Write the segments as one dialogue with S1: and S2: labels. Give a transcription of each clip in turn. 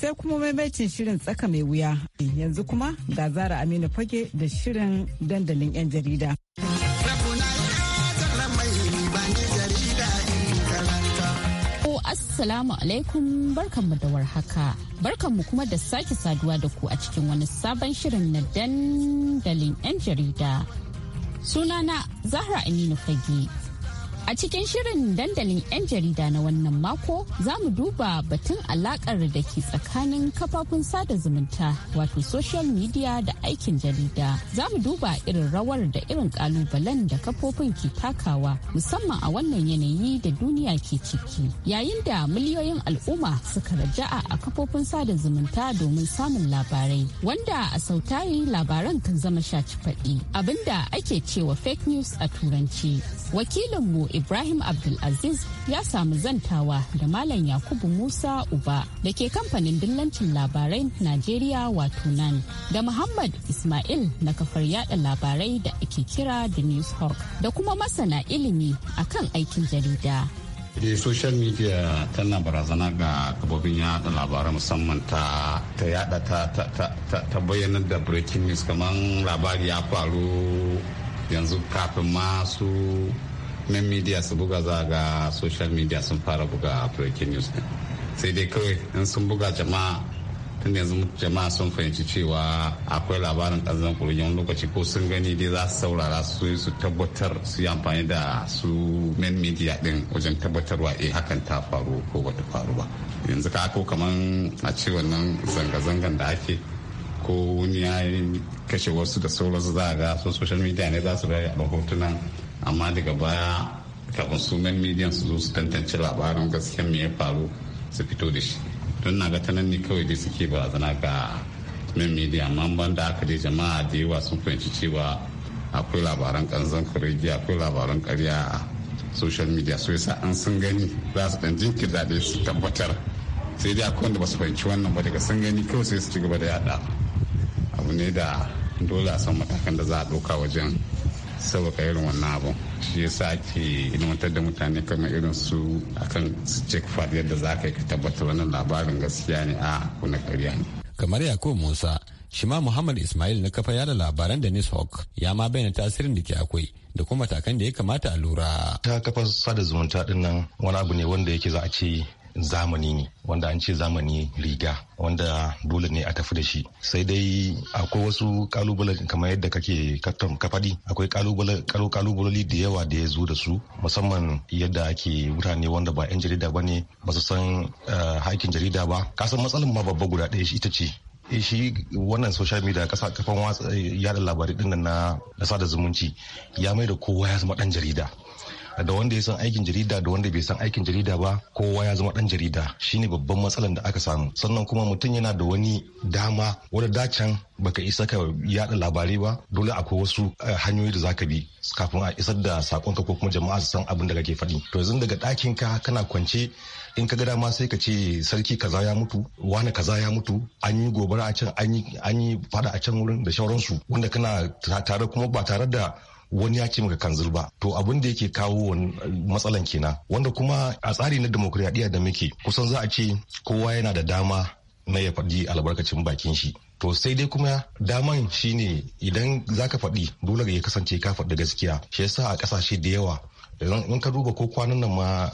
S1: sai kuma maimaitin shirin tsaka mai wuya yanzu kuma ga zara aminu fage da shirin dandalin 'yan jarida
S2: Assalamu alaikum barkanmu da warhaka. Barkanmu kuma da sake saduwa da ku a cikin wani sabon shirin na dandalin 'yan jarida. Sunana Zahra Aminu Fage. A cikin shirin dandalin 'yan jarida na wannan mako za mu duba batun alakar da ke tsakanin kafafun sada zumunta wato social media da aikin jarida. Za mu duba irin rawar da irin kalubalen da kafofin ke takawa musamman a wannan yanayi da duniya ke ciki. Yayin da miliyoyin al'umma suka raja'a a kafofin sada zumunta domin samun labarai wanda a sautari labaran kan zama shaci faɗi abinda ake cewa fake news a turanci. Wakilinmu Ibrahim Abdulaziz ya samu zantawa da Malam Yakubu Musa Uba da ke kamfanin dillancin labarai Najeriya wato nan da Muhammad Ismail na kafar yada labarai da ake kira da Newshawk da kuma masana ilimi akan aikin jarida.
S3: da eh, social media tana barazana ga kabobin yada labarai musamman ta yada ta ta da breaking news kamar labari ya faru yanzu kafin masu na media su buga za ga social media sun fara buga breaking news sai dai kawai in sun buga jama'a tun yanzu jama'a sun fahimci cewa akwai labarin ƙanzan kurgin lokaci ko sun gani dai za su saurara su su tabbatar su yi amfani da su main media din wajen tabbatarwa eh hakan ta faru ko bata faru ba yanzu ka ko kaman a ce wannan zanga-zangan da ake ko wani ya kashe wasu da sauransu za a ga su social media ne za su rayu a amma daga baya kafin sunan midiyan su zo su tantance labarin gaskiyan me ya faru su fito da shi don na ga tanan ne kawai dai suke ba zana ga min midiya amma da aka dai jama'a da yawa sun fahimci cewa akwai labaran kanzan kuregi akwai labaran karya a social media so yasa an sun gani za su dan jinkirta da su tabbatar sai dai akwai wanda ba su fahimci wannan ba daga sun gani kawai sai su ci gaba da yada abu ne da dole a san matakan da za a ɗauka wajen sauƙaƙa irin wannan abu shi yasa ake ilmantar da mutane kamar irin su akan su cek fad yadda za ka yi ka tabbatar wannan labarin gaskiya ne a kuna karya ne kamar yakubu musa shi ma muhammad ismail na kafa yada labaran da hawk ya ma bayyana tasirin da ke akwai da kuma matakan da ya kamata a lura ta kafa sada zumunta din nan wani abu ne wanda yake za a
S4: ce zamani ne wanda an ce zamani riga wanda dole ne a tafi da shi sai dai akwai wasu kalubale kamar yadda kake katon kafadi akwai kalubale da yawa da ya zo da su musamman yadda ake mutane wanda ba 'yan jarida ba ne ba su san eh, haikin jarida ba kasan matsalin ma babba guda ɗaya ita ce eh, shi wannan social media kasa kafan watsa eh, yada labarai din na sada zumunci ya mai da kowa ya zama dan jarida da wanda ya san aikin jarida da wanda bai san aikin jarida ba kowa ya zama dan jarida shine babban matsalar da aka samu sannan kuma mutum yana da wani dama wadda dacan baka isa ka yada labarai ba dole akwai wasu eh, hanyoyi da zaka bi kafin a isar da sakonka ko kuma jama'a su san abin da kake faɗi to yanzu daga ɗakin ka kana kwance in ka ga dama sai ka ce sarki kaza ya mutu wani kaza ya mutu an yi gobara a can an yi fada a can wurin da shauransu wanda kana tare kuma ba tare da wani ya ce maka kan ba to abin da yake kawo matsalan kenan wanda kuma a tsari na demokradiyya da muke kusan za a ce kowa yana da dama na ya faɗi albarkacin bakin shi to sai dai kuma daman shine idan za ka faɗi dole ya kasance ka faɗi gaskiya shi yasa a ƙasashe da yawa in ka duba ko kwanan nan ma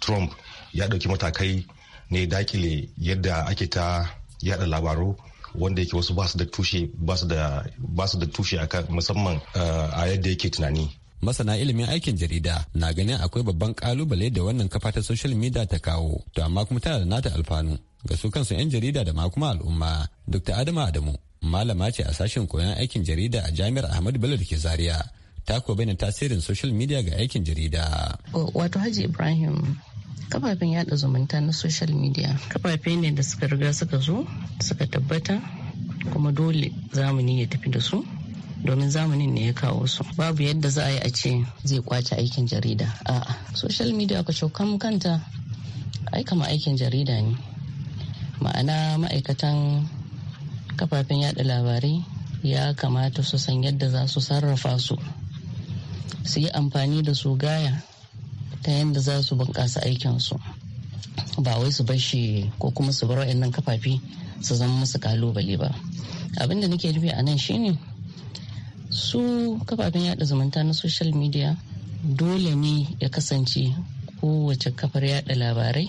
S4: trump ya ɗauki matakai ne dakile yadda ake ta yada labaru wanda yake wasu basu da tushe basu da basu da tushe akan musamman eh, a yadda yake tunani
S3: masana ilimin aikin jarida na ganin akwai babban kalubale da wannan kafa ta social media ta kawo to amma kuma tana da nata alfanu ga su kansu 'yan jarida da ma kuma al'umma dr Adamu adamu malama ce a sashen koyon aikin jarida a jami'ar ahmadu bello da ke zaria ta ko bayyana tasirin social media ga aikin jarida
S5: wato haji ibrahim kafafen yada zumunta na social media kafafe ne da suka riga suka zo suka tabbata kuma dole zamani ya tafi da su domin zamanin ne ya kawo su babu yadda za a yi a ce zai kwace aikin jarida a'a social media ka shokan kanta ai kama aikin jarida ne ma'ana ma'aikatan kafafen yada labarai ya kamata su san yadda za su sarrafa su su yi amfani da su gaya ta yadda za su bunƙasa aikinsu ba wai su bashi ko kuma su bar waɗannan kafafi su zama musu kalubale ba abin da nake nufi a nan shine su kafafen yada zumunta na social media dole ne ya kasance kowace kafar yada labarai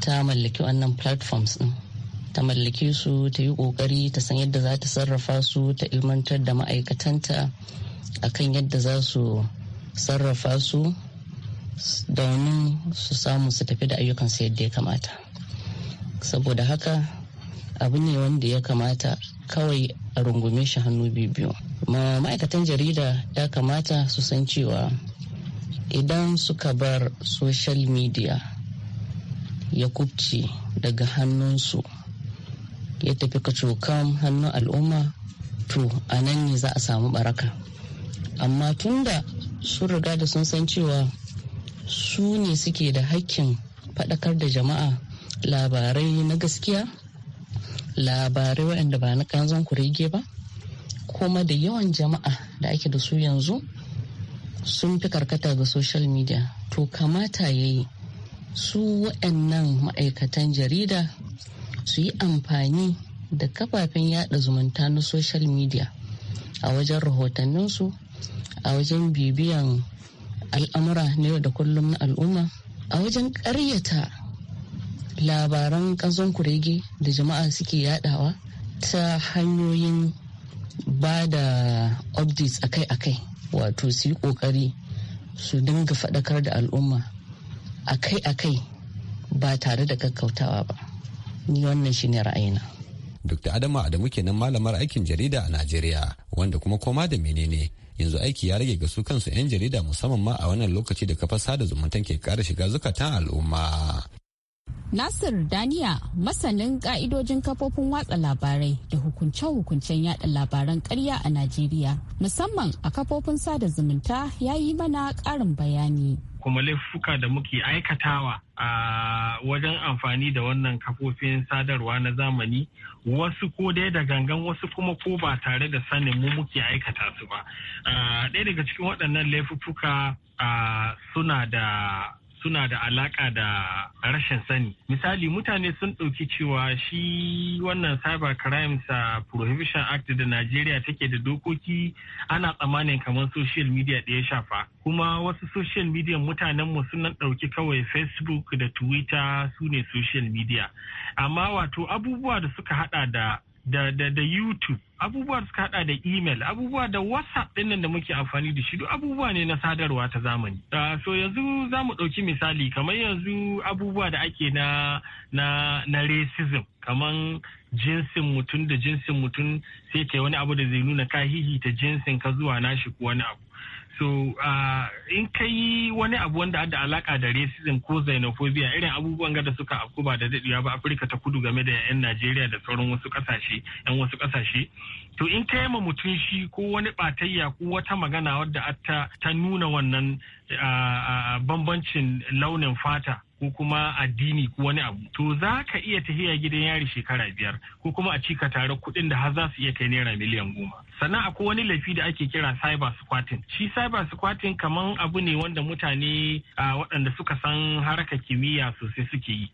S5: ta mallaki wannan platforms din ta mallake su ta yi kokari ta san yadda za ta sarrafa su ta ilmantar da ma'aikatanta akan yadda za su sarrafa su domin su samu su tafi da ayyukansu yadda ya kamata saboda haka abu ne wanda ya kamata kawai a rungume shi hannu biyu ma'aikatan jarida ya kamata su san cewa idan suka bar social media ya kubci daga hannunsu ya tafi kacokan hannun al'umma to a nan ne za a samu baraka amma tunda sun riga da sun san cewa su ne suke da hakkin faɗakar da jama'a labarai na gaskiya labarai waɗanda ba na kanzon kurege ba kuma da yawan jama'a da ake da su yanzu sun fi karkata ga social media to kamata ya yi su waɗannan ma'aikatan jarida su yi amfani da kafafen yada zumunta na social media a wajen rahotanninsu a wajen bibiyan al'amura na da kullum na al'umma a wajen ƙaryata labaran ƙazon kurege da jama'a suke yadawa ta hanyoyin ba da updates akai-akai wato su yi ƙoƙari su dinga faɗakar da al'umma akai-akai ba tare da kakkautawa ba ni wannan shine ra'ayina
S3: dr Adamu adamu kenan malamar aikin jarida a najeriya wanda kuma koma da menene yanzu aiki ya rage ga su kansu 'yan jarida musamman ma a wannan lokaci da kafar sada zumunta ke kara shiga zukatan al'umma.
S2: Nasir Daniya masanin ka'idojin kafofin watsa labarai da hukunce-hukuncen yada labaran karya a Najeriya musamman a kafofin sada zumunta ya yi mana ƙarin bayani.
S6: Kuma laifuka da muke aikatawa a wajen amfani da wannan kafofin sadarwa na zamani wasu ko dai da gangan wasu kuma ko ba tare da sanin mu muke aikata su ba ɗaya daga cikin waɗannan laifuka suna da suna da alaka da rashin sani misali mutane sun ɗauki cewa shi wannan cyber crimes prohibition act da najeriya take da dokoki ana tsammanin kamar social media da ya shafa kuma wasu social media mutanen mu sun ɗauki kawai facebook da twitter su ne social media amma wato abubuwa da suka hada da da, da, da YouTube, abubuwa da suka hada da email, abubuwa da WhatsApp ɗin nan da muke amfani da shi duk abubuwa ne na sadarwa ta zamani. Uh, so yanzu za mu ɗauki misali kamar yanzu abubuwa da ake na, na, na racism, kamar jinsin mutum da jinsin mutum sai ke wani abu da zai nuna ka hihita jinsin ka zuwa nashi ko wani abu. so uh, in ka yi wani abu wanda da alaka da racism ko xenophobia irin abubuwan gada suka afku ba da daɗewa ba afirka ta kudu game da 'yan najeriya da sauran wasu ƙasashe 'yan wasu kasashe to in ka yi ma mutum shi ko wani batayya ko wata magana wadda ta nuna wannan uh, uh bambancin launin fata ko kuma addini ko wani abu to za ka iya tafiya gidan yari shekara biyar ko kuma a cika tare kuɗin da har za su iya kai naira miliyan goma sannan akwai wani laifi da ake kira cyber squatting shi cyber squatting kaman abu ne wanda mutane a waɗanda suka san harkar kimiyya sosai suke yi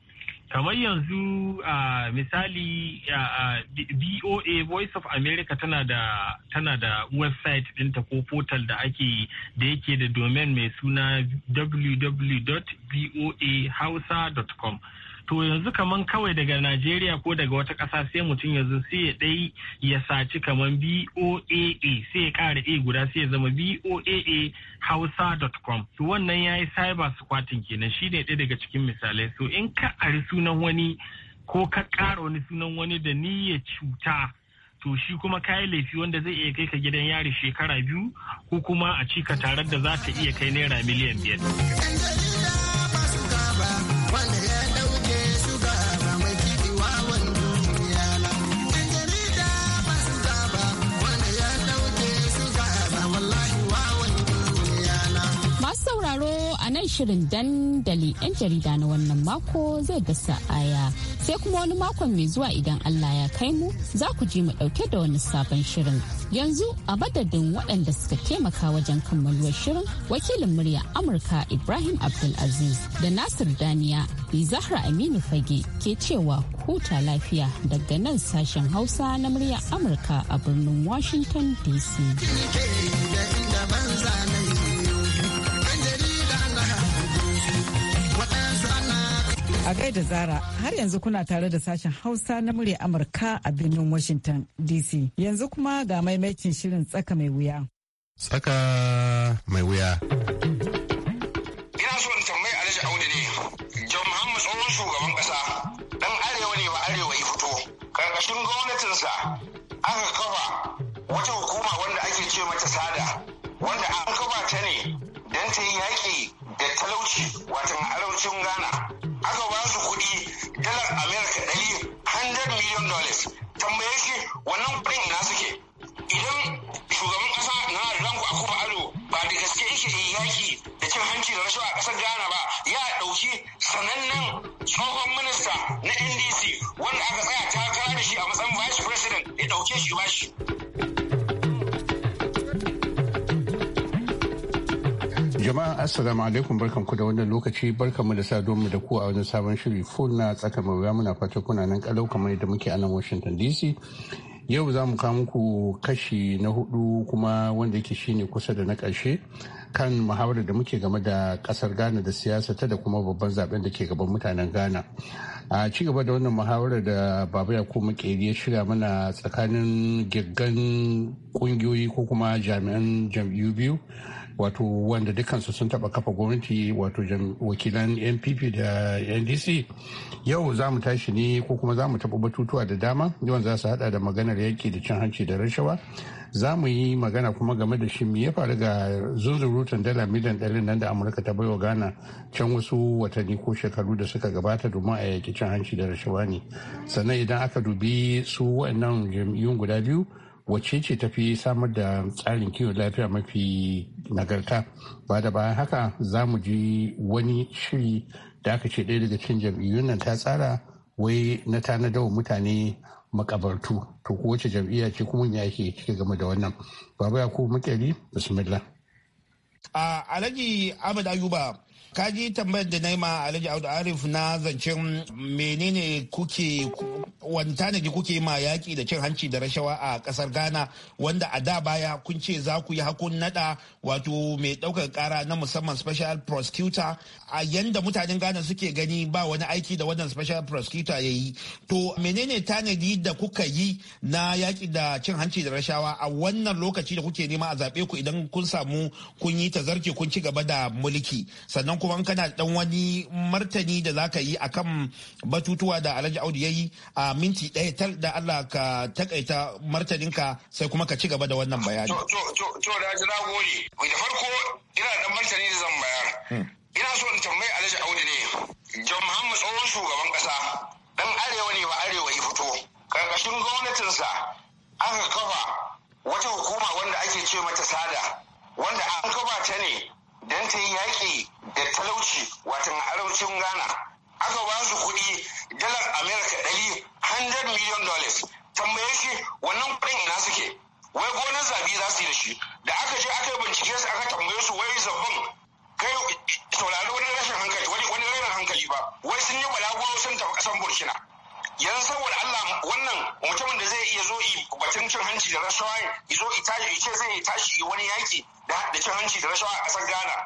S6: kamar yanzu a misali BOA Voice of America tana da da website ɗinta ko portal da ake da yake da domain mai suna www.boahausa.com to yanzu kaman kawai daga najeriya ko daga wata ƙasa sai mutum yanzu sai ya ɗai ya saci kaman boaa sai ya ƙara a guda sai ya zama boaa hausa.com to wannan ya yi cyber squatting kenan shi ne ɗaya daga cikin misalai so in ka ari sunan wani ko ka ƙara wani sunan wani da niyyar cuta to shi kuma kayi laifi wanda zai iya kai ka gidan yari shekara biyu ko kuma a cika tarar da za ta iya kai naira miliyan biyar.
S2: nan shirin dandali 'yan jarida na wannan mako zai dasa aya sai kuma wani makon mai zuwa idan Allah ya kai mu za ku ji mu dauke da wani sabon shirin yanzu a madadin waɗanda suka taimaka wajen kammaluwar shirin wakilin murya amurka ibrahim abdulaziz da nasir daniya da zahra aminu fage ke cewa huta lafiya daga nan sashen hausa na murya amurka a birnin washington dc
S1: A gaida Zara, har yanzu kuna tare da sashen Hausa na murya Amurka a birnin Washington DC. Yanzu kuma ga maimacin shirin tsaka mai wuya.
S3: Tsaka mai
S7: wuya. Ina son tambayi
S8: a raja Audu ne, John Muhammad tsohon shugaban ƙasa, ɗan arewa ne ba arewa ya fito. Karkashin gwamnatinsa aka kafa wata hukuma wanda ake ce mata sada, wanda an kafa ta ne don ta yi yaƙi da talauci watan arewacin Ghana. aka ba su kuɗi dalar america ɗari 100 million dollars tambaye shi wannan kuɗin ina suke idan shugaban ƙasa na ranku a kuma ado ba da gaske yake yaki da cin hanci da rashawa a ƙasar ghana ba ya ɗauki sanannen tsohon minista na ndc wanda aka tsaya takara da shi a matsayin vice president ya ɗauke shi ba shi
S7: Jama'a Assalamu alaikum ku da wannan lokaci mu da sa mu da ku a wani sabon shiri full na tsaka mai wuya muna fata kuna nan kalau kamar yadda muke a nan Washington DC. Yau za mu kawo muku kashi na hudu kuma wanda yake shine kusa da na karshe kan muhawarar da muke game da kasar Ghana da siyasa ta da kuma babban zaben da ke gaban mutanen Ghana. A ci gaba da wannan muhawarar da Baba Yakubu Makeri ya shirya mana tsakanin gaggan kungiyoyi ko kuma jami'an jam'iyyu biyu. wato wanda dukansu sun taba kafa gwamnati wato wakilan npp da ndc yau za mu tashi ne ko kuma za mu taɓa batutuwa da dama yawan za su hada da maganar yaki da cin hanci da rashawa za mu yi magana kuma game da shi ya faru ga zunzurutun dala miliyan ɗari nan da amurka ta baiwa ghana can wasu watanni ko shekaru da suka gabata domin a yaki cin hanci da rashawa ne sannan idan aka dubi su waannan jam'iyyun guda biyu wacce ce tafi samar da tsarin kiwon lafiya mafi nagarta ba da bayan haka za mu ji wani shiri da aka ce ɗaya daga cikin jam'iyyun nan ta tsara wai na wa mutane makabartu to ko wace jam'iyya ce kuma ya ke cike game da wannan baba ya ku makeri bismillah
S9: a alhaji ahmad ayuba kaji tambayar da ma alhaji audu arif na zancen menene kuke wani tanadi kuke ma yaƙi da cin hanci da rashawa a ƙasar ghana wanda a da baya kun ce za ku yi hakun nada wato mai ɗaukar ƙara na musamman special prosecutor a yanda mutanen ghana suke gani ba wani aiki da wannan special prosecutor ya yi to menene tanadi da kuka yi na yaƙi da cin hanci da rashawa a wannan lokaci da kuke nema a zaɓe ku idan kun samu kun yi tazarce kun ci gaba da mulki sannan kuma in kana dan wani martani da za ka yi a kan batutuwa da Alhaji Audu ya yi a minti ɗaya tal da Allah ka takaita martaninka sai kuma ka ci gaba da wannan bayani. To
S8: da ji nagode. Da farko ina dan martani da zan bayar. Hmm. Ina so in tambayi Alhaji Audu ne. John Muhammad tsohon shugaban kasa dan arewa ne ba arewa ya fito. Karkashin gwamnatinsa aka kafa wata hukuma wanda ake ce mata sada wanda an kafa ta ne don ta yi yaƙi da talauci watan araucin ghana aka ba su kuɗi dalar america ɗari 100 million dollars tambaye shi wannan kuɗin ina suke wai gonar zabi za su yi da shi da aka je aka yi bincike su aka tambaye su wai zabbin kai saurari wani rashin hankali wani wani hankali ba wai sun yi balaguro sun tafi ƙasan burkina yanzu saboda allah wannan mutumin da zai iya zo batun cin hanci da rashawa ya zo itashi ce zai tashi wani yaƙi da cin hanci da rashawa a ƙasar ghana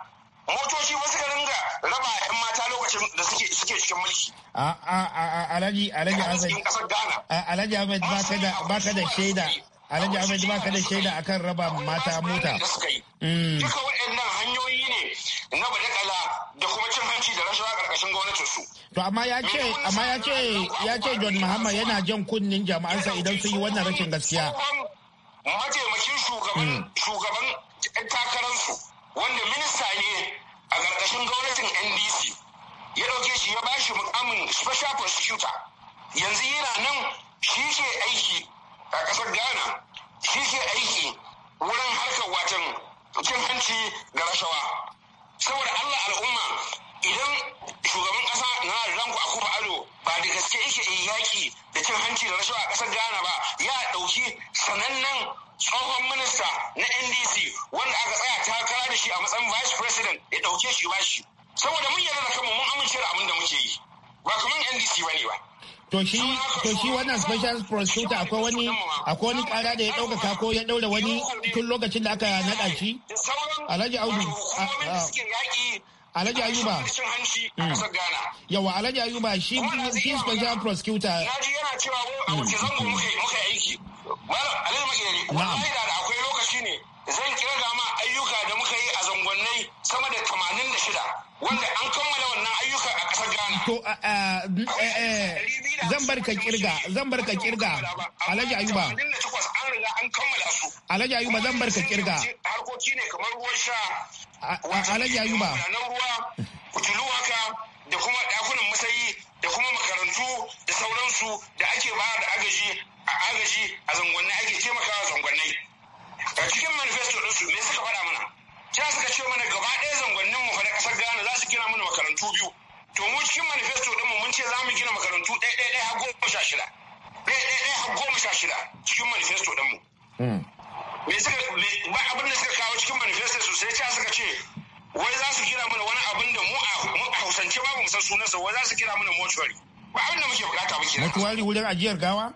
S8: motoci wasu ka ringa raba yan mata lokacin da suke suke cikin mulki
S9: a a a alhaji alaji ahmed Alaji ahmed baka da ka da shaida alhaji ahmed ka da shaida akan raba mata mota mm. duka waɗannan hanyoyi
S8: ne na kala da kuma cin hanci da rashawa karkashin gwamnatin su
S9: to amma ya ce amma ya ce ya ce John Muhammad yana jan kunnin jama'ansa idan sun yi wannan rashin gaskiya mataimakin shugaban mm. shugaban
S8: 'yan takararsu wanda minista ne a ƙarƙashin gwamnatin ndc ya ɗauke shi ya bashi mukamin special prosecutor yanzu yana nan shi ke aiki a ƙasar ghana shi ke aiki wurin harkar watan cin hanci da rashawa saboda allah al'umma idan shugaban kasa na ranku a kuma ado ba da gaske yake yaki da cin hanci da rashawa a kasar ghana ba ya dauki sanannen tsohon minista na ndc wanda aka tsaya takara da shi a matsayin vice president ya dauke shi ba shi saboda mun yarda da kanmu mun amince da abin da muke yi ba kamar ndc ba ne ba
S9: to shi wannan special prosecutor akwai wani akwai wani kara da ya daukaka ko ya daura wani tun lokacin da aka naɗa shi alhaji audu Alhaji Ayuba. Cin hanci a mm. ƙasar Ghana. Yawa Alhaji Ayuba shi shi special prosecutor. Ya ji yana
S8: cewa wai a mm. wace zango muka muka aiki. Malam Alhaji Makeri. Na'am. ne zan kirga ma ayyuka
S9: da muka yi a zangonnai sama da 86 wanda an kammala wannan ayyuka a ƙasar Ghana. To eh, eh, zan bar ka kirga zan bar ka kirga Alhaji Ayuba.
S8: an riga an kammala su.
S9: Alhaji Ayuba zan bar ka kirga.
S8: Harkoki ne kamar ruwan
S10: sha.
S9: Alhaji Ayuba.
S8: ruwa kutulu haka da kuma ɗakunan masayi da kuma makarantu da sauransu da ake bayar da agaji a agaji a zangonnai ake taimakawa zangonnai. a cikin manifesto ɗinsu me suka faɗa mana ta suka ce mana gaba ɗaya zangonnin mu na ƙasar Ghana za su gina mana makarantu biyu to mu cikin manifesto mu mun ce za mu gina makarantu ɗaya ɗaya ɗaya har goma sha shida ɗaya ɗaya ɗaya har goma sha shida cikin manifesto mu?
S9: Hmm. me suka ba abin da suka kawo cikin manifesto su sai ta suka ce
S8: wai za su gina mana wani abin da mu a hausance babu mu san sunansa wai za su gina mana mortuary ba abin
S9: da muke bukata muke. Mortuary wurin ajiyar gawa?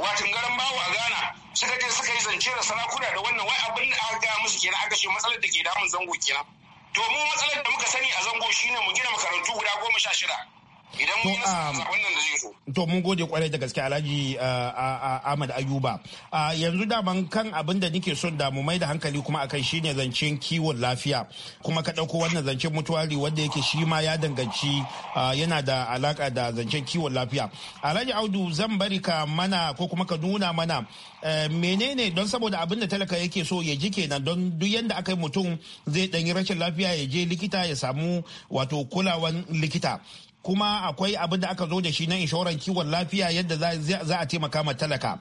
S8: watan garan bawo a Ghana suka je suka yi zance da sarakuna da wannan wai abin da aka gaya musu kenan aka ce matsalar da ke damun zango kenan to mu matsalar da muka sani a zango shine mu gina makarantu guda goma sha shida Um,
S9: to mun gode kwarai da gaske alhaji uh, uh, uh, ahmad ayuba yanzu daman kan abin da nike son da mu mai da hankali kuma akan shine zancen kiwon lafiya kuma ka ɗauko wannan zancen mutuwari wanda yake shi ma ya danganci yana da alaka da zancen kiwon lafiya alhaji audu zan bari ka mana ko kuma ka nuna mana menene don saboda abin da talaka yake so ya ji kenan don duk yanda aka yi mutum zai ɗanyi rashin lafiya ya je likita ya samu wato kulawan likita kuma akwai abin da aka zo da shi na inshoran kiwon lafiya yadda za a taimaka ma talaka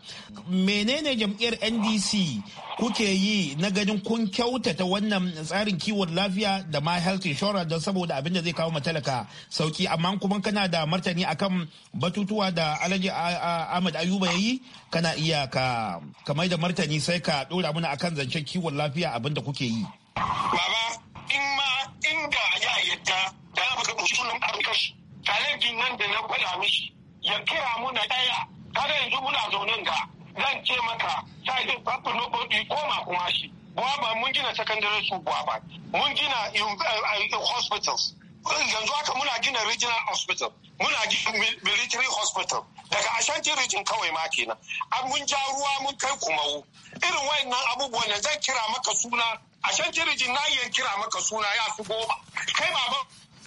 S9: menene jam'iyyar ndc kuke yi na ganin kun kyautata wannan tsarin kiwon lafiya da ma health insurance don saboda abin da zai kawo ma talaka sauki amma kuma kana da martani akan batutuwa da alhaji ahmad ayuba ya yi kana iya ka kamar da martani sai ka dora mana akan zancen kiwon lafiya abin da kuke yi baba
S8: in ma inda ya yadda da sunan abin talabijin nan da na kwada mishi ya kira muna ɗaya kada yanzu muna zaunin ga zan ce maka sai babu nobody koma kuma shi gwaba mun gina secondary school gwaba mun gina um, eh, eh, hospitals yanzu haka muna gina regional hospital muna gina military hospital daga ashanti region kawai ma kenan an mun ja ruwa mun kai kumawo irin wayannan abubuwan da zan kira maka suna ashanti region na yi kira maka suna ya su goma kai baba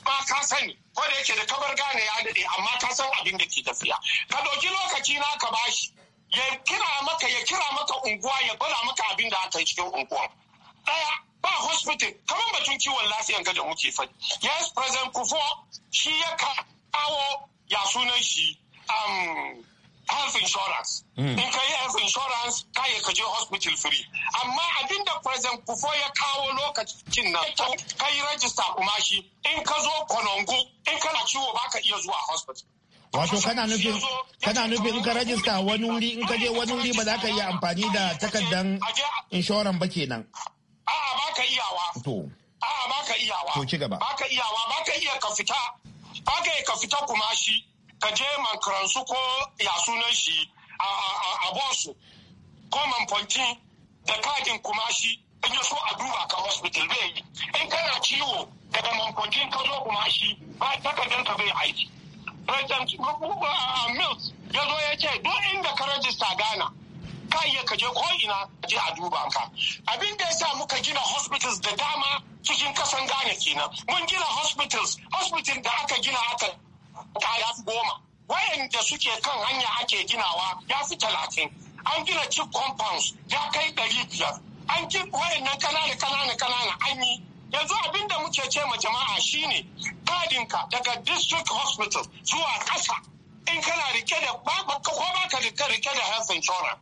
S8: ba ka sani ko da yake da kabar gane ya daɗe amma ka san abin da ke tafiya ka ɗauki lokaci na ka bashi ya kira maka ya kira maka unguwa ya gwada maka abin da aka yi cikin unguwan ɗaya ba hospital kamar batun kiwon lafiyan ga da muke faɗi yes president kufo shi ya kawo ya sunan shi um, health insurance mm. in ka yi health insurance ka yi ka je hospital free amma abin da president kufo ya kawo lokacin nan ka yi rajista kuma shi in ka zo konongo in kana ciwo ba ka iya zuwa hospital
S4: wato
S9: kana nufin kana nufin ka rajista wani wuri in ka je wani wuri ba za ka iya amfani da takardan inshoran ba kenan a'a
S8: ba ka iyawa to a'a ba ka iyawa to ci gaba ba ka iyawa ba ka iya ka fita ba ka iya ka fita kuma shi ka je mankaransu ko ya sunan shi a bosu ko manfanti da kadin kumashi in so a duba ka hospital bai yi in kana ciwo daga manfantin ka zo kumashi ba takardar ka bai aiki president uh, uh, mills ya zo ya ce duk inda ka rajista gana ka iya ka je ko ina je a duba ka abin da ya sa muka gina hospitals da dama cikin kasan gane kenan mun gina hospitals hospital da aka gina aka ta ya fi goma wayanda suke kan hanya ake ginawa ya fi talatin an gina chip compounds ya kai ɗari biyar an ki wayannan kanana kanana kanana an yanzu abin da muke ce ma jama'a shine kadinka daga district hospital zuwa ƙasa in kana rike da babu ko baka rike rike da health insurance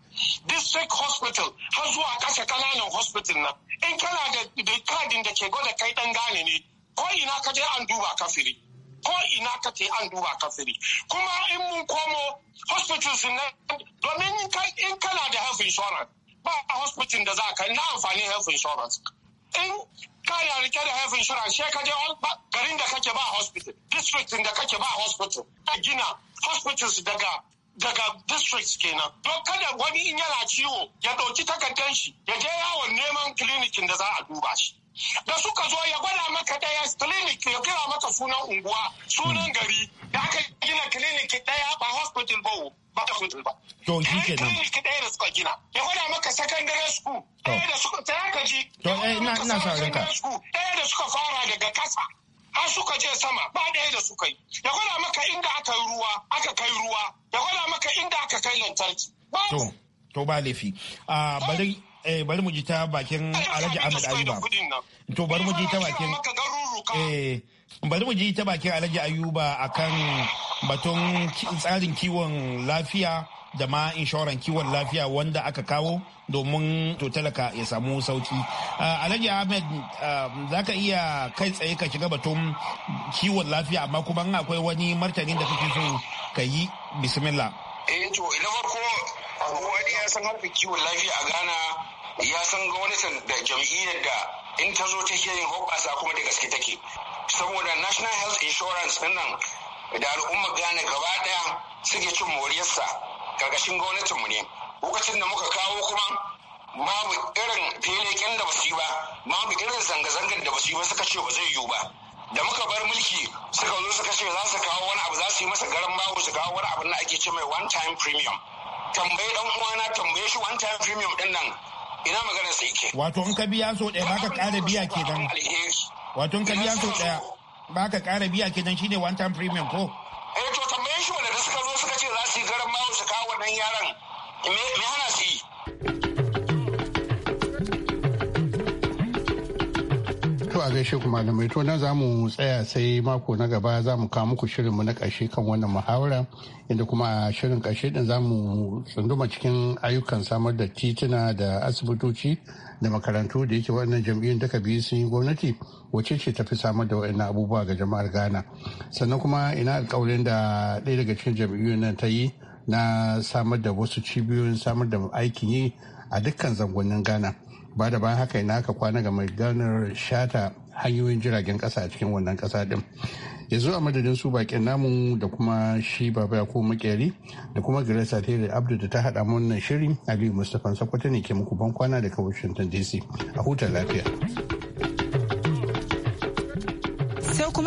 S8: district hospital har zuwa ƙasa kananan hospital na in kana da kadin da ke gwada kai ɗan gane ne ko ina ka je an duba kafiri ko ina ka ce an duba ka siri kuma in mun komo hospitals na domin in kana da health insurance ba a hospital da za ka na amfani health insurance in kana rike da health insurance sai ka je garin da kake ba hospital district da kake ba hospital gina hospitals daga daga districts kenan to kada wani in yana ciwo ya ɗauki takardar shi ya je yawon neman clinic da za a duba shi da suka zo ya gwada maka daya clinic ya kira maka sunan unguwa sunan hmm. gari da aka gina clinic daya ba hospital ba ba hospital ba to shi ke nan clinic daya da suka gina ya gwada maka secondary school daya da suka tsaya ka ji to eh ina ina sauraron ka daya da suka fara daga kasa har suka je sama ba ɗaya da suka yi ya gwada maka inda aka yi ruwa aka kai ruwa ya gwada maka inda aka kai lantarki
S9: to to ba laifi ah, a bari eh bari mu ji ta bakin Alhaji Ahmed Ayuba to bari mu ji ta bakin eh bari mu ji ta bakin Alhaji Ayuba akan batun tsarin kiwon lafiya da ma inshoran kiwon lafiya wanda aka kawo domin to talaka ya samu sauki ah, alhaji ahmed ah, za ka iya kai tsaye ka shiga batun kiwon lafiya amma kuma akwai wani martanin da kake so ka yi bismillah eh to na farko Wani ya san
S8: harka kiwon lafiya a ghana ya san gwamnatin da jam'iyyar da in ta zo ta yin hoɓasa kuma da gaske take saboda national health insurance din nan da al'ummar ghana gaba daya suke cin moriyarsa karkashin mu ne lokacin da muka kawo kuma babu irin felekin da basu yi ba babu irin zanga-zangar da basu yi ba suka ce ba zai yiwu ba da muka bar mulki suka zo suka ce za su kawo wani abu za su yi masa garan babu su kawo wani abu na ake ce mai one time premium tambaye dan uwana tambaye shi one time premium din nan ina magana sai ke
S9: wato in ka biya so ɗaya baka ƙara biya ke dan wato in ka biya so ɗaya baka ƙara biya ke dan shine one time premium ko
S8: eh to tambaye shi wanda suka zo suka ce za su yi garan mayo su kawo wannan yaran me hana su yi
S7: To a gaishe ku malamai to za mu tsaya sai mako na gaba za mu kawo muku shirinmu na ƙarshe kan wannan muhawara inda kuma a shirin ƙarshe din za mu tsunduma cikin ayyukan samar da tituna da asibitoci da makarantu da yake wannan jam'iyyun daga biyu sun yi gwamnati wacce ce tafi samar da wa'annan abubuwa ga jama'ar Ghana sannan kuma ina alƙawarin da ɗaya daga cikin jam'iyyun nan ta yi na samar da wasu cibiyoyin samar da aikin yi a dukkan zangonin Ghana. ba da bayan haka ina aka kwana ga maganar shata hanyoyin jiragen kasa a cikin wannan kasa din yanzu a madadin su bakin namu da kuma shi baba ya ko makeri da kuma grace atere abdu da ta hada wannan shirin aliyu mustapha sakwata ne ke muku ban kwana daga washington dc a hutar lafiya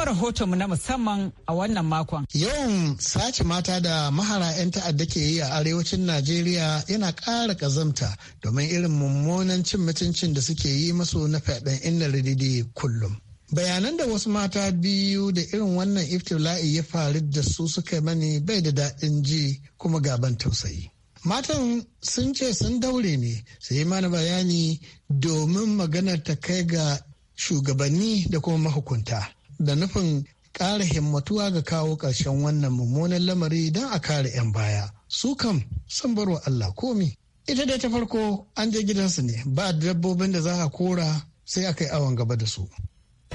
S10: kuma mu na musamman a wannan makon. Yawan sace mata da mahara 'yan ta'adda ke yi a arewacin Najeriya yana ƙara ƙazamta domin irin mummunan cin mutuncin da suke yi masu na fyaɗen inna rididi kullum. bayanan da wasu mata biyu da irin wannan iftila'i ya faru da su suka mani bai da daɗin ji kuma gaban tausayi matan sun ce sun daure ne su yi mana bayani domin maganar ta kai ga shugabanni da kuma mahukunta da nufin ƙara himmatuwa ga kawo ƙarshen wannan mummunan lamari don a kare 'yan baya su kam sun barwa Allah komi ita dai ta farko an je gidansu ne ba dabbobin da za a kora sai aka yi awon gaba da su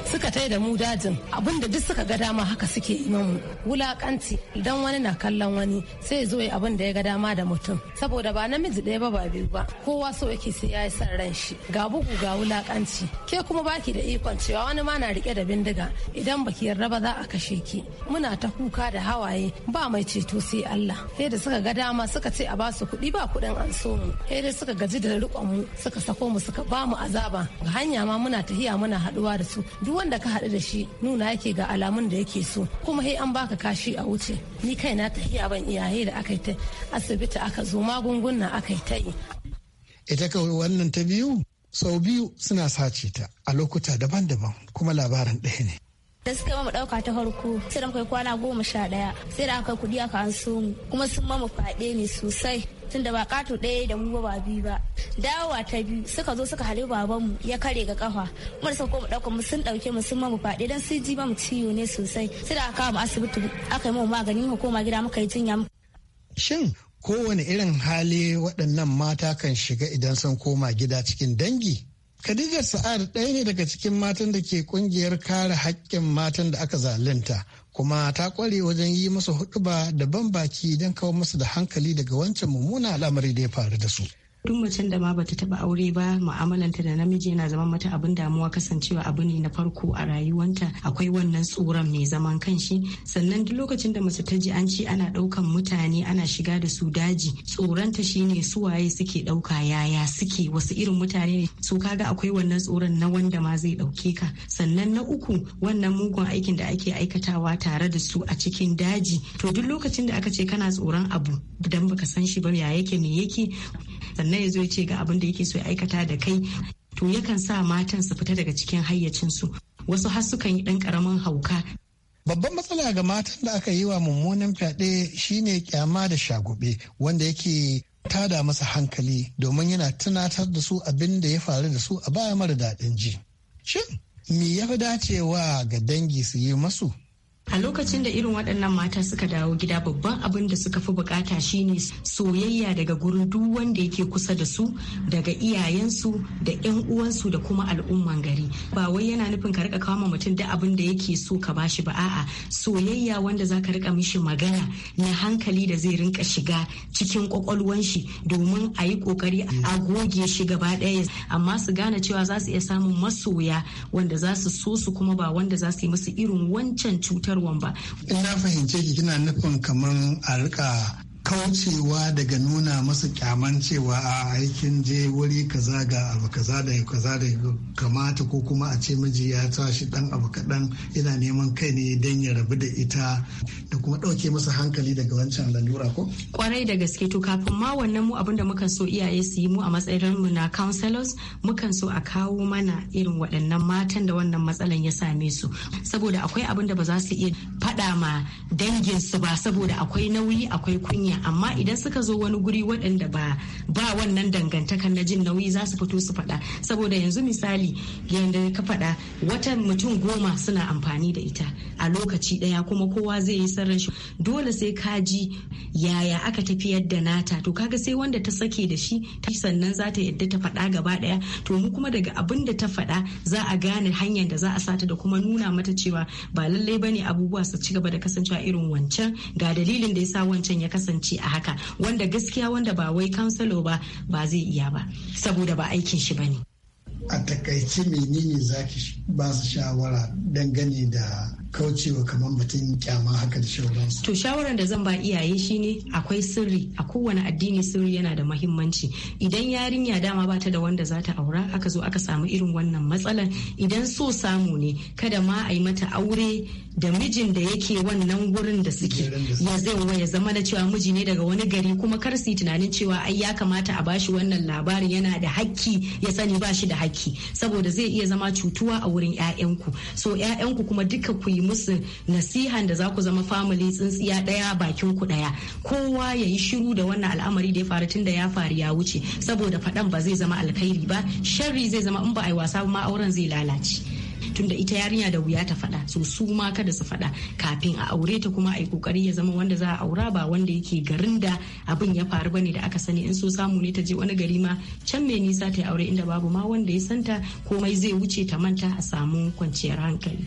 S10: suka tai
S2: da mu dajin abinda duk suka ga dama haka suke yi mu wulakanci idan wani na kallon wani sai zo yi abin da ya ga dama da mutum saboda ba namiji ɗaya ba ba biyu ba kowa so yake sai ya yi san ran shi ga bugu ga wulakanci ke kuma baki da ikon cewa wani ma na rike da bindiga idan baki yarda ba za a kashe ki muna ta kuka da hawaye ba mai ceto sai Allah sai da suka ga dama suka ce a ba su kuɗi ba kuɗin an so mu sai da suka gaji da riƙon mu suka sako mu suka ba mu azaba ga hanya ma muna tahiya muna haɗuwa da su duk wanda ka haɗu da shi nuna yake ga alamun da yake so kuma hei an baka kashi a wuce ni kaina tafiya ban iyaye da aka yi ta asibiti aka zo magunguna aka yi ta yi
S10: ita kawai wannan ta biyu sau biyu suna sace ta a lokuta daban-daban kuma labarin
S11: ɗaya ne da suka mamu ɗauka ta farko sai da kai kwana goma sha ɗaya sai da aka kuɗi aka an mu kuma sun mamu faɗe ne sosai tunda ba kato ɗaya da mu ba biyu ba dawowa ta biyu suka zo suka hali mu ya kare ga kafa mu suka koma ɗauka mu sun ɗauke mu sun mamu faɗi dan sun ji mamu ciwo ne sosai sai da aka mu asibiti aka yi mu magani mu koma gida muka yi jinya.
S10: shin kowane irin hali waɗannan mata kan shiga idan sun koma gida cikin dangi Khadijar Sa'ad ɗaya ne daga cikin matan da ke kungiyar kare haƙƙin matan da aka zalunta kuma ta ƙware wajen yi masa huɗuba da ban baki don kawo masa da hankali daga wancan mummuna al'amari da ya faru da su.
S11: duk macen da ma bata taba aure ba mu'amalanta da namiji yana zama mata abin damuwa kasancewa abu ne na farko a rayuwanta akwai wannan tsoron mai zaman kanshi sannan duk lokacin da mace ta ji an ce ana daukan mutane ana shiga da su daji tsoronta shine su waye suke dauka yaya suke wasu irin mutane ne so kaga akwai wannan tsoron na wanda ma zai dauke ka sannan na uku wannan mugun aikin da ake aikatawa tare da su a cikin daji to duk lokacin da aka ce kana tsoron abu dan baka san shi ba ya yake me yake sannan ya zo ya ce ga abin da yake so ya aikata da kai to yakan sa matan su fita daga cikin hayyacinsu wasu har sukan yi ɗan ƙaramin hauka
S10: Babban matsala ga matan da aka yi wa mummunan fyaɗe shine kyama da shagube wanda yake tada masa hankali domin yana tunatar da su abin da ya faru da su a baya mara daɗin ji. Shin, me ya fi dacewa ga dangi su yi masu
S11: a lokacin da irin waɗannan mata suka dawo gida babban abin da suka fi bukata shine soyayya daga gurin duk wanda yake kusa da su daga iyayensu da yan uwansu da kuma al'umman gari ba wai yana nufin ka rika kama mutum da abin da yake so ka bashi ba a'a soyayya wanda za ka rika mishi magana na hankali da zai rinka shiga cikin kwakwalwan shi domin a yi kokari a goge shi gaba ɗaya amma su gane cewa za su iya samun masoya wanda za su so su kuma ba wanda za su yi musu irin wancan cutar karantarwan ba.
S10: Ina fahimce ki kina nufin kamar a rika kaucewa daga nuna masa kyaman cewa a aikin je wuri kaza ga abu kaza da kaza da kamata ko kuma a ce miji ya tashi dan abu kaɗan yana neman kai ne don ya rabu da ita da kuma ɗauke masa hankali daga wancan lalura ko.
S11: kwarai da gaske to kafin ma wannan mu abinda da mukan so iyaye su yi mu a matsayin mu na counselors mukan so a kawo mana irin waɗannan matan da wannan matsalan ya same su saboda akwai abinda da ba za su iya faɗa ma dangin su ba saboda akwai nauyi akwai kunya hanya amma idan suka zo wani guri waɗanda ba ba wannan dangantakan na jin nauyi za su fito su faɗa saboda yanzu misali yadda ka faɗa wata mutum goma suna amfani da ita a lokaci ɗaya kuma kowa zai yi sarran shi dole sai ka ji yaya aka tafiyar da nata to kaga sai wanda ta sake da shi sannan za ta yadda ta faɗa gaba ɗaya to mu kuma daga abin da ta faɗa za a gane hanyar da za a sata da kuma nuna mata cewa ba lallai bane abubuwa su ci gaba da kasancewa irin wancan ga dalilin da ya sa wancan ya kasance kasance a haka wanda gaskiya wanda ba wai kansalo ba ba zai iya ba saboda ba aikin shi bane
S10: a takaice menene zaki ba su shawara dangane da kaucewa kamar mutum kyama haka da shauransu.
S11: To shawaran da zan ba iyaye shi ne akwai sirri a kowane addini sirri yana da mahimmanci idan yarinya dama ba ta da wanda za ta aura aka zo aka samu irin wannan matsalar idan so samu ne kada ma a yi mata aure da mijin da yake wannan wurin da suke ya zai ya zama na cewa miji ne daga wani gari kuma kar su yi tunanin cewa ai ya kamata a bashi wannan labarin yana da hakki ya sani ba shi da hakki saboda zai iya zama cutuwa a wurin 'ya'yanku so 'ya'yanku kuma duka ku yi musu nasihan da za ku zama family tsintsiya daya bakin ku daya kowa ya yi shiru da wannan al'amari da ya faru tun da ya faru ya wuce saboda faɗan ba zai zama alkhairi ba sharri zai zama in ba a yi wasa ma auren zai lalace tunda ita yarinya da wuya ta faɗa so su ma kada su faɗa kafin a aure ta kuma a yi kokari ya zama wanda za a aura ba wanda yake garin da abin ya faru bane da aka sani in so samu ne ta je wani gari ma can mai nisa ta yi aure inda babu ma wanda ya santa komai zai wuce ta manta a samu kwanciyar hankali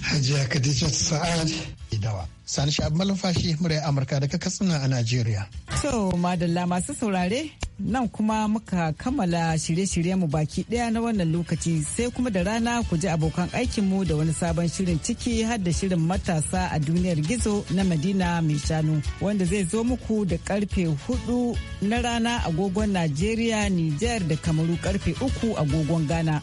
S10: Hajiya Khadija Sa'ad Idawa. Sani Sha'ab Malumfashi muryar Amurka daga Katsina a Najeriya.
S1: so madalla masu saurare nan kuma muka kammala shirye-shiryen mu baki ɗaya na wannan lokaci sai kuma da rana ku ji abokan aikinmu da wani sabon shirin ciki har da shirin matasa a duniyar gizo na Madina mai shanu wanda zai zo muku da karfe hudu na rana agogon Najeriya, Nijar da Kamaru karfe uku agogon Ghana.